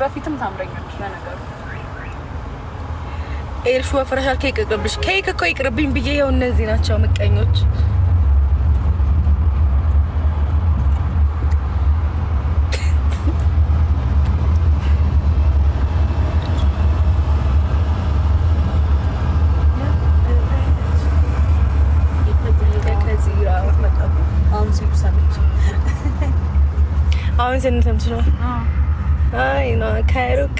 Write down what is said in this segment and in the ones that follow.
በፊትም ታምረኛለሽ። ለነገሩ ኤልሹ ወፍረሻል። ኬክ ይቅርብሽ፣ ኬክ እኮ ይቅርብኝ ብዬ ይኸው እነዚህ ናቸው ምቀኞች። አሁን ስንት ነው? አይ ነው ከሩቅ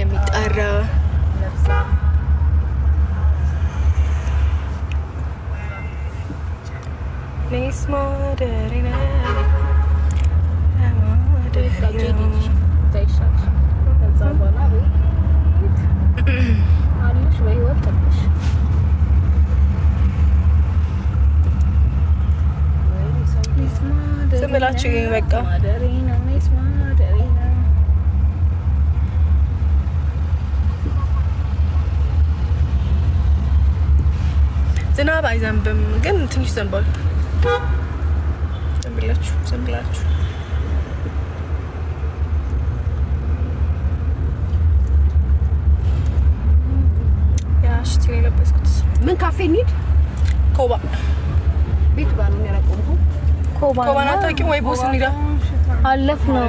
የሚጠራ ዝም ብላችሁ በቃ ዝናብ አይዘንብም፣ ግን ትንሽ ዘንቧል። ዘንብላችሁ ዘንብላችሁ ሽቲ የለበስኩት ምን ካፌ እንሂድ? ኮባ ቤቱ ጋር ነው የሚያረቁት። ኮባ ኮባና ታቂ ወይ ቦስ እንሂዳ አለፍ ነው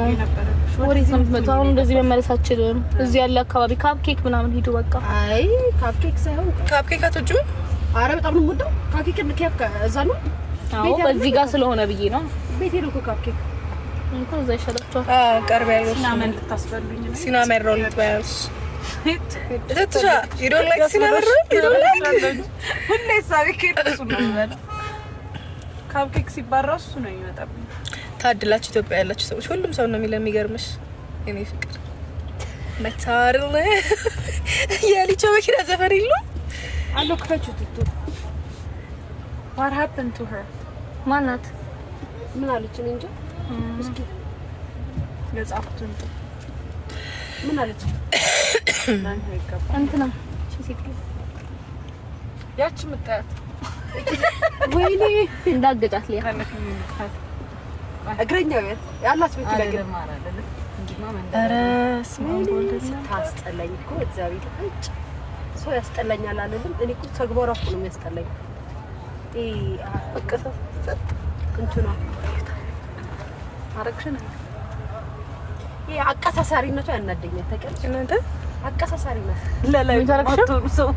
ወዴት ነው የምትመጣው? አሁን እንደዚህ መመለስ አችልም። እዚህ ያለ አካባቢ ካፕኬክ ምናምን ሂዱ። በቃ አይ ካፕኬክ ሳይሆን ካፕኬክ ኬክ አትወጪውም አረ በጣም ነው የምወደው ካፕኬክ እዛ ነው። አዎ በዚህ ጋር ስለሆነ ብዬ ነው ቤቴ ነው ካፕኬክ እንኳ እዛ ይሻላችኋል። ቀርብ ያለው ሲናመን ልታስፈልጉኝ ነው። ሲናመን ሮል ትበያለሽ። ሁሌ ኬክ ሲባራ ነው ታድላችሁ ኢትዮጵያ ያላችሁ ሰዎች ሁሉም ሰው ነው የሚለው። የሚገርምሽ እኔ ፍቅር መታርል የሊቾ መኪና ዘፈን የለውም አለው ክፈችው። ቱቱ what happened to her ማናት? ምን አለች? እኔ እንጃ። እስኪ የጻፍኩት ምን አለች? እንትና ያቺ የምታያት ወይኔ እንዳገጫት ሊያ እግረኛ ቤት ያላት ቤት ለግል ኧረ ስማ፣ ታስጠላኝ እኮ እዛ ሰው ያስጠላኛል አለልም። እኔ እኮ ተግባሯ እኮ ነው የሚያስጠላኝ። በቃ ሰው እንትኗ አረግሽን ይሄ አቀሳሳሪነቷ ያናደኛል። ተቀጭ እናንተ አቀሳሳሪነት ለላይ ሰው